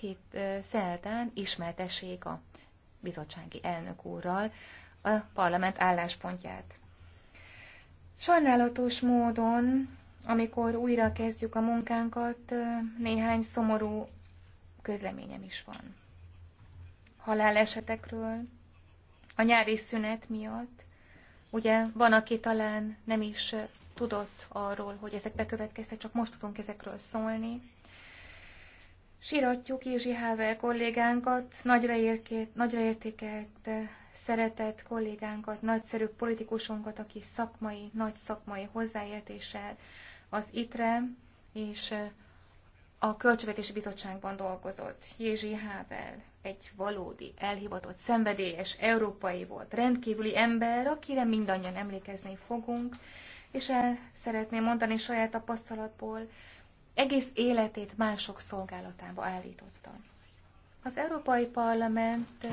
hét szerdán ismertessék a bizottsági elnök úrral a parlament álláspontját. Sajnálatos módon, amikor újra kezdjük a munkánkat, néhány szomorú közleményem is van. Halálesetekről, a nyári szünet miatt, ugye van, aki talán nem is tudott arról, hogy ezek bekövetkeztek, csak most tudunk ezekről szólni. Siratjuk Izsi Hável kollégánkat, nagyra, érkét, nagyra értékelt, eh, szeretett kollégánkat, nagyszerű politikusunkat, aki szakmai, nagy szakmai hozzáértéssel az ITRE és eh, a Költségvetési Bizottságban dolgozott. Jézsi Hável egy valódi, elhivatott, szenvedélyes európai volt, rendkívüli ember, akire mindannyian emlékezni fogunk, és el szeretném mondani saját tapasztalatból, egész életét mások szolgálatába állította. Az Európai Parlament eh,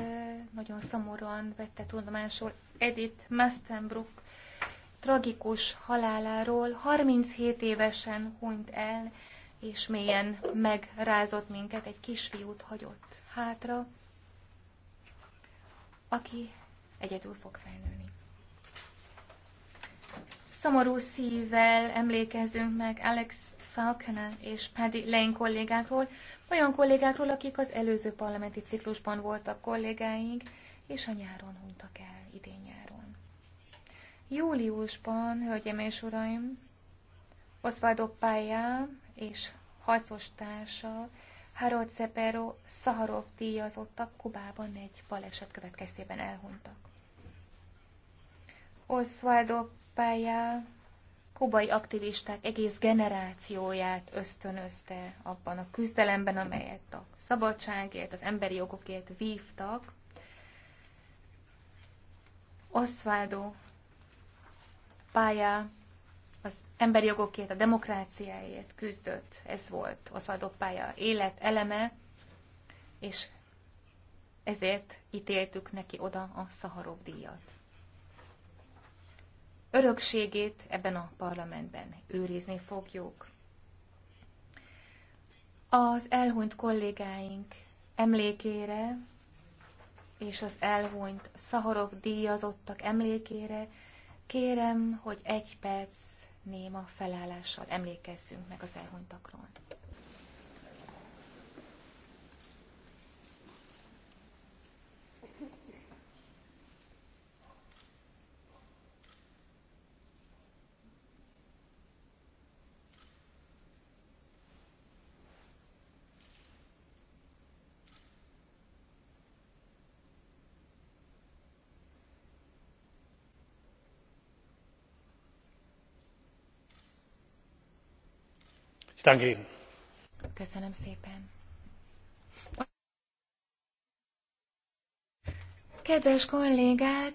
nagyon szomorúan vette tudomásul Edith Mastenbrook tragikus haláláról. 37 évesen hunyt el, és mélyen megrázott minket, egy kisfiút hagyott hátra, aki egyedül fog felnőni. Szomorú szívvel emlékezzünk meg Alex Falconer és Paddy Lane kollégákról, olyan kollégákról, akik az előző parlamenti ciklusban voltak kollégáink, és a nyáron hunytak el, idén nyáron. Júliusban, hölgyeim és uraim, Oswaldo Paya és harcos társa Harold Szeperó Szaharov díjazottak Kubában egy baleset következtében elhunytak. Oswaldo Paya kubai aktivisták egész generációját ösztönözte abban a küzdelemben, amelyet a szabadságért, az emberi jogokért vívtak. Oswaldo pálya az emberi jogokért, a demokráciáért küzdött. Ez volt Oswaldo pálya élet eleme, és ezért ítéltük neki oda a Szaharov díjat örökségét ebben a parlamentben őrizni fogjuk. Az elhunyt kollégáink emlékére és az elhunyt Szaharov díjazottak emlékére kérem, hogy egy perc néma felállással emlékezzünk meg az elhunytakról. Köszönöm szépen. Kedves kollégák,